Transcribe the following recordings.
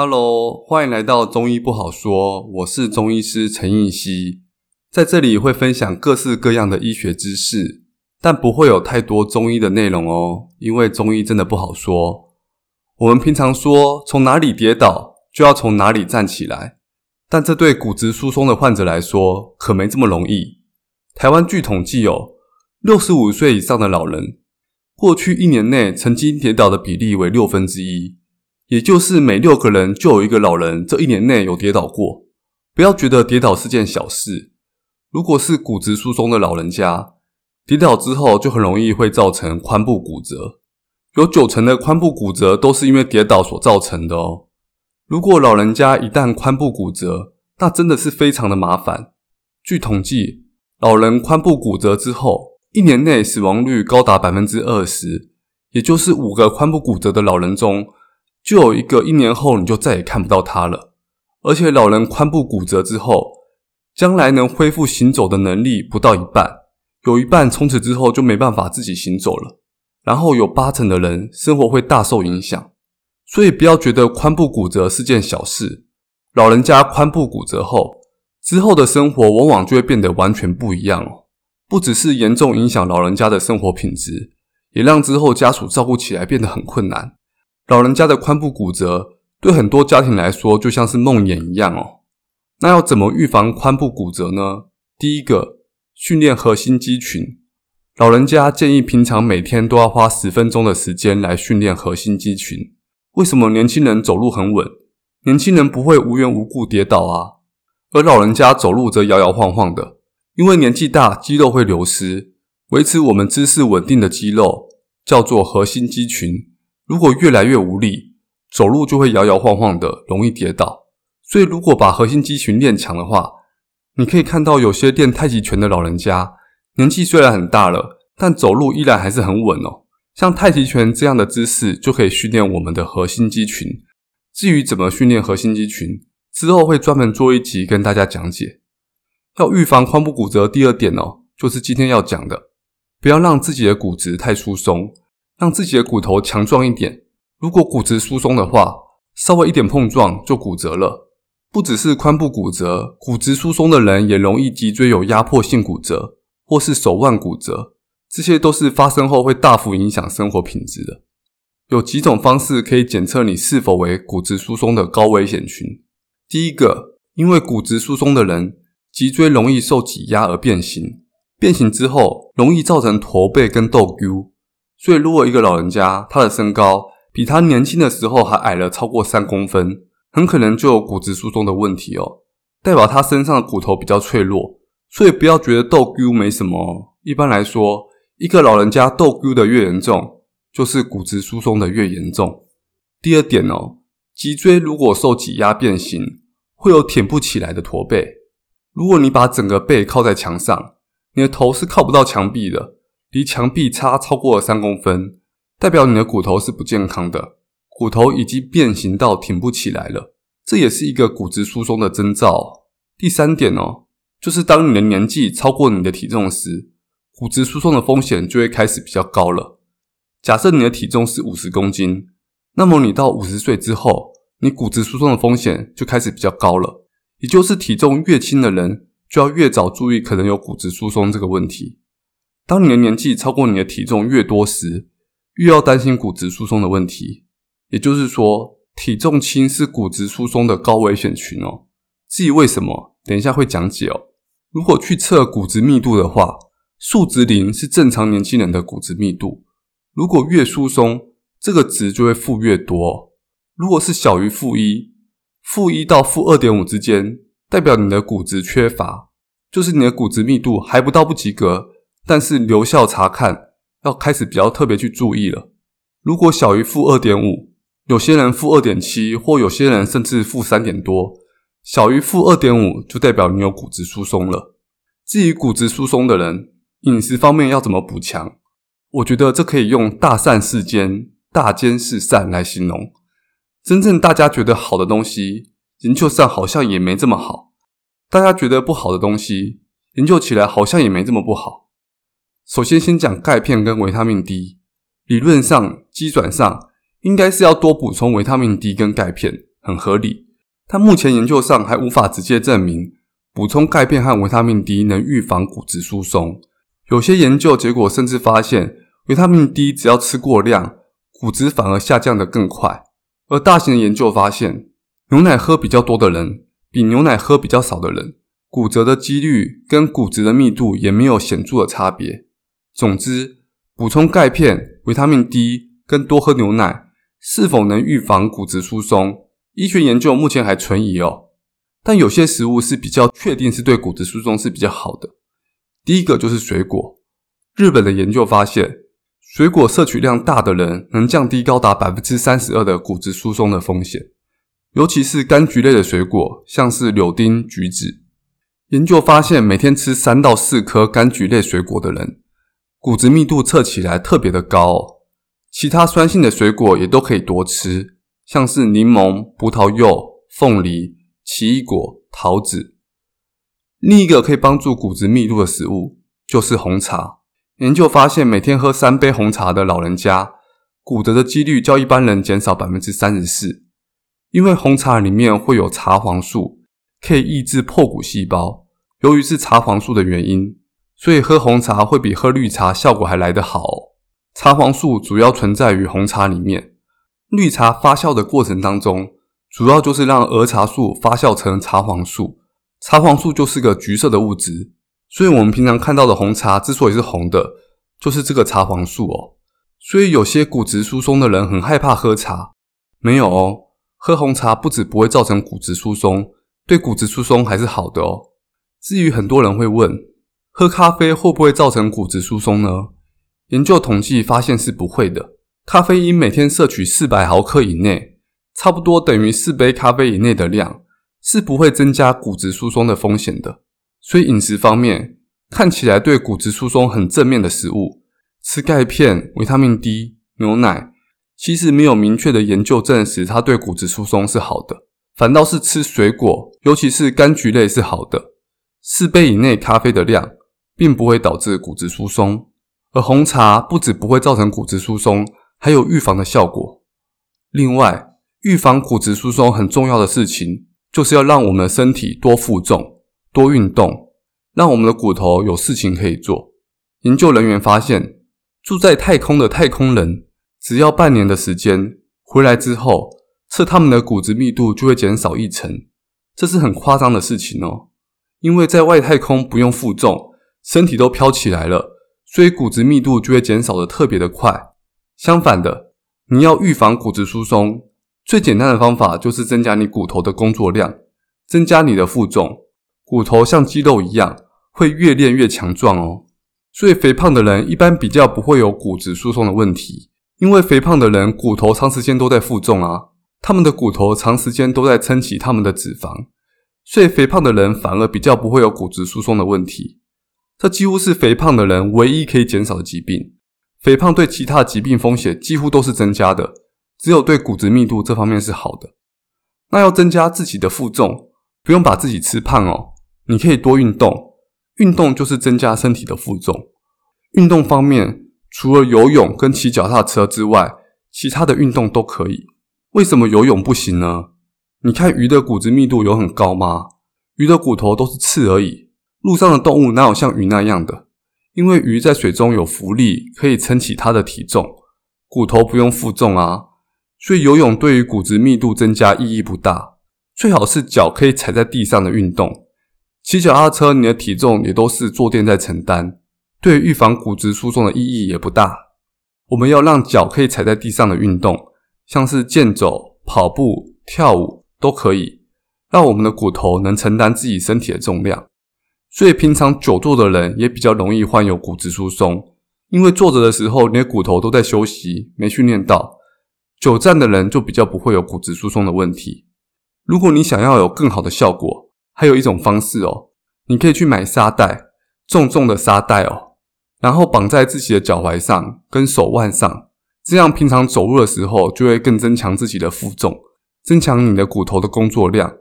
Hello，歡迎來到中醫不好說。我是中醫師陳映希。在這裡會分享各式各樣的醫學知識，但不會有太多中醫的內容哦，因為中醫真的不好說。我們平常說從哪裡跌倒就要從哪裡站起來，但這對骨質疏鬆的患者來說可沒這麼容易。台灣據統計，有六十五歲以上的老人，過去一年內曾經跌倒的比例為六分之一。6，也就是每六個人就有一個老人，這一年內有跌倒過。不要覺得跌倒是件小事，如果是骨質疏鬆的老人家，跌倒之後就很容易會造成髖部骨折。有九成的髖部骨折都是因為跌倒所造成的哦。如果老人家一旦髖部骨折，那真的是非常的麻煩。據統計，老人髖部骨折之後，一年內死亡率高達百分之二十，也就是五個髖部骨折的老人中，就有一個，一年後你就再也看不到他了。而且老人髖部骨折之後，將來能恢復行走的能力不到一半，有一半從此之後就沒辦法自己行走了，然後有八成的人生活會大受影響，所以不要覺得髖部骨折是件小事。老人家髖部骨折後，之後的生活往往就會變得完全不一樣了，不只是嚴重影響老人家的生活品質，也讓之後家屬照顧起來變得很困難。老人家的髖部骨折，對很多家庭來說就像是夢魘一樣哦。那要怎麼預防髖部骨折呢？第一個，訓練核心肌群。老人家建議平常每天都要花十分鐘的時間來訓練核心肌群。為什麼年輕人走路很穩？年輕人不會無緣無故跌倒啊。而老人家走路則搖搖晃晃的，因為年紀大，肌肉會流失。維持我們姿勢穩定的肌肉叫做核心肌群。如果越來越無力，走路就會搖搖晃晃的，容易跌倒。所以，如果把核心肌群練強的話，你可以看到有些練太極拳的老人家，年紀雖然很大了，但走路依然還是很穩哦。像太極拳這樣的姿勢就可以訓練我們的核心肌群。至於怎麼訓練核心肌群，之後會專門做一集跟大家講解。要預防髖部骨折，第二點哦，就是今天要講的，不要讓自己的骨質太疏鬆。讓自己的骨頭強壯一點。如果骨質疏鬆的話，稍微一點碰撞就骨折了。不只是髖部骨折，骨質疏鬆的人也容易脊椎有壓迫性骨折，或是手腕骨折，這些都是發生後會大幅影響生活品質的。有幾種方式可以檢測你是否為骨質疏鬆的高危險群。第一個，因為骨質疏鬆的人脊椎容易受擠壓而變形，變形之後容易造成駝背跟斗骨。所以，如果一個老人家他的身高比他年輕的時候還矮了超過三公分，很可能就有骨質疏鬆的問題哦、喔，代表他身上的骨頭比較脆弱。所以不要覺得痘骨沒什麼、喔。一般來說，一個老人家痘骨的越嚴重，就是骨質疏鬆的越嚴重。第二點哦、喔，脊椎如果受擠壓變形，會有挺不起來的駝背。如果你把整個背靠在牆上，你的頭是靠不到牆壁的。離牆壁差超過了三公分，代表你的骨頭是不健康的，骨頭已經變形到挺不起來了，這也是一個骨質疏鬆的徵兆。第三點哦，就是當你的年紀超過你的體重時，骨質疏鬆的風險就會開始比較高了。假設你的體重是五十公斤，那麼你到五十歲之後，你骨質疏鬆的風險就開始比較高了。也就是體重越輕的人，就要越早注意可能有骨質疏鬆這個問題。當你的年紀超過你的體重越多時，越要擔心骨質疏鬆的問題。也就是說，體重輕是骨質疏鬆的高危險群哦。至於為什麼，等一下會講解哦。如果去測骨質密度的話，數值零是正常年輕人的骨質密度。如果越疏鬆，這個值就會負越多。如果是小於負一，負一到負二點五之間，代表你的骨質缺乏，就是你的骨質密度還不到不及格。但是留校察看要開始比較特別去注意了。如果小於負二點五，5, 有些人負二點七，7, 或有些人甚至負三點多，小於負二點五就代表你有骨質疏鬆了。至於骨質疏鬆的人，飲食方面要怎麼補強？我覺得這可以用大“大善似奸，大奸似善”來形容。真正大家覺得好的東西，研究上好像也沒這麼好；大家覺得不好的東西，研究起來好像也沒這麼不好。首先，先講鈣片跟維他命 D，理論上、基準上，應該是要多補充維他命 D 跟鈣片，很合理。但目前研究上還無法直接證明補充鈣片和維他命 D 能預防骨質疏鬆。有些研究結果甚至發現，維他命 D 只要吃過量，骨質反而下降得更快。而大型的研究發現，牛奶喝比較多的人，比牛奶喝比較少的人，骨折的幾率跟骨質的密度也沒有顯著的差別。總之，補充鈣片、維他命 D 跟多喝牛奶，是否能預防骨質疏鬆？醫學研究目前還存疑哦。但有些食物是比較確定是對骨質疏鬆是比較好的。第一個就是水果。日本的研究發現，水果攝取量大的人，能降低高達百分之三十二的骨質疏鬆的風險。尤其是柑橘類的水果，像是柳丁、橘子。研究發現，每天吃三到四顆柑橘類水果的人，骨質密度測起來特別的高哦，其他酸性的水果也都可以多吃，像是檸檬、葡萄柚、鳳梨、奇異果、桃子。另一個可以幫助骨質密度的食物就是紅茶。研究發現，每天喝三杯紅茶的老人家，骨折的幾率較一般人減少百分之三十四，因為紅茶裡面會有茶黃素，可以抑制破骨細胞。由於是茶黃素的原因。所以喝紅茶會比喝綠茶效果還來得好哦。茶黃素主要存在於紅茶裡面，綠茶發酵的過程當中，主要就是讓兒茶素發酵成茶黃素。茶黃素就是個橘色的物質，所以我們平常看到的紅茶之所以是紅的，就是這個茶黃素哦。所以有些骨質疏鬆的人很害怕喝茶，沒有哦，喝紅茶不只不會造成骨質疏鬆，對骨質疏鬆還是好的哦。至於很多人會問。喝咖啡會不會造成骨質疏鬆呢？研究統計發現是不會的。咖啡因每天攝取四百毫克以內，差不多等於四杯咖啡以內的量，是不會增加骨質疏鬆的風險的。所以飲食方面，看起來對骨質疏鬆很正面的食物，吃鈣片、維他命 D、牛奶，其實沒有明確的研究證實它對骨質疏鬆是好的。反倒是吃水果，尤其是柑橘類是好的。四杯以內咖啡的量。並不會導致骨質疏鬆，而紅茶不只不會造成骨質疏鬆，還有預防的效果。另外，預防骨質疏鬆很重要的事情，就是要讓我們的身體多負重、多運動，讓我們的骨頭有事情可以做。研究人員發現，住在太空的太空人，只要半年的時間，回來之後，測他們的骨質密度就會減少一成，這是很誇張的事情哦，因為在外太空不用負重。身體都飄起來了，所以骨質密度就會減少得特別的快。相反的，你要預防骨質疏鬆，最簡單的方法就是增加你骨頭的工作量，增加你的負重。骨頭像肌肉一樣，會越練越強壯哦。所以，肥胖的人一般比較不會有骨質疏鬆的問題，因為肥胖的人骨頭長時間都在負重啊，他們的骨頭長時間都在撐起他們的脂肪，所以肥胖的人反而比較不會有骨質疏鬆的問題。這幾乎是肥胖的人唯一可以減少的疾病。肥胖對其他疾病風險幾乎都是增加的，只有對骨質密度這方面是好的。那要增加自己的負重，不用把自己吃胖哦，你可以多運動。運動就是增加身體的負重。運動方面，除了游泳跟騎腳踏車之外，其他的運動都可以。為什麼游泳不行呢？你看魚的骨質密度有很高嗎？魚的骨頭都是刺而已。路上的動物哪有像魚那樣的？因為魚在水中有浮力，可以撐起它的體重，骨頭不用負重啊。所以游泳對於骨質密度增加意義不大。最好是腳可以踩在地上的運動，騎腳踏車，你的體重也都是坐墊在承擔，對於預防骨質疏鬆的意義也不大。我們要讓腳可以踩在地上的運動，像是健走、跑步、跳舞都可以，讓我們的骨頭能承擔自己身體的重量。所以，平常久坐的人也比較容易患有骨質疏鬆，因為坐着的時候連骨頭都在休息，沒訓練到。久站的人就比較不會有骨質疏鬆的問題。如果你想要有更好的效果，還有一種方式哦，你可以去買沙袋，重重的沙袋哦，然後綁在自己的腳踝上跟手腕上，這樣平常走路的時候就會更增強自己的負重，增強你的骨頭的工作量，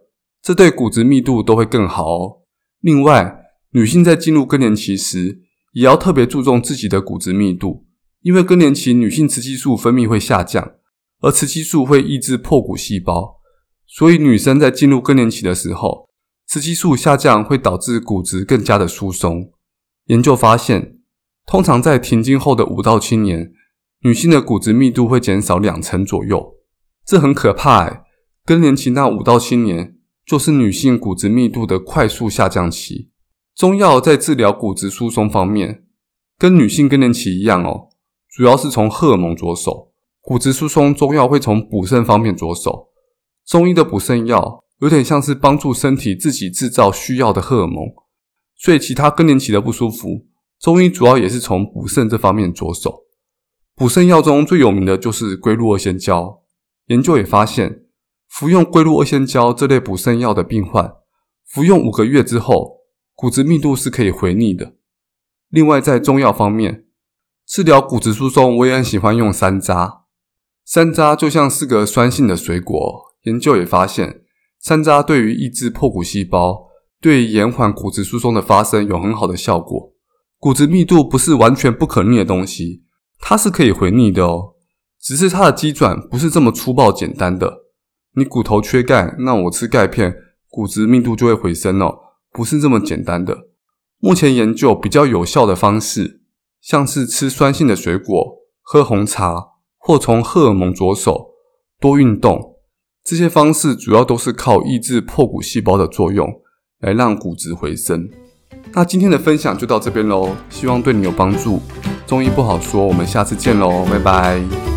這對骨質密度都會更好哦。另外，女性在進入更年期時，也要特別注重自己的骨質密度，因為更年期女性雌激素分泌會下降，而雌激素會抑制破骨細胞，所以女生在進入更年期的時候，雌激素下降會導致骨質更加的疏鬆。研究發現，通常在停經後的五到七年，女性的骨質密度會減少兩成左右，這很可怕哎、欸！更年期那五到七年。就是女性骨質密度的快速下降期，中藥在治療骨質疏鬆方面，跟女性更年期一樣哦，主要是從荷爾蒙着手。骨質疏鬆，中藥會從補腎方面着手，中醫的補腎藥有點像是幫助身體自己製造需要的荷爾蒙，所以其他更年期的不舒服，中醫主要也是從補腎這方面着手。補腎藥中最有名的就是龜鹿二仙膠，研究也發現。服用龜鹿二仙膠這類補腎藥的病患，服用五個月之後，骨質密度是可以回逆的。另外，在中藥方面，治療骨質疏鬆，我也很喜歡用山楂。山楂就像是個酸性的水果哦，研究也發現，山楂對於抑制破骨細胞，對延緩骨質疏鬆的發生有很好的效果。骨質密度不是完全不可逆的東西，它是可以回逆的哦，只是它的機轉不是這麼粗暴簡單的。你骨頭缺鈣，那我吃鈣片，骨質密度就會回升哦？不是這麼簡單的。目前研究比較有效的方式，像是吃酸性的水果、喝紅茶或從荷爾蒙着手、多運動，這些方式主要都是靠抑制破骨細胞的作用，來讓骨質回升。那今天的分享就到這邊嘍，希望對你有幫助。中醫不好說，我們下次見嘍，拜拜。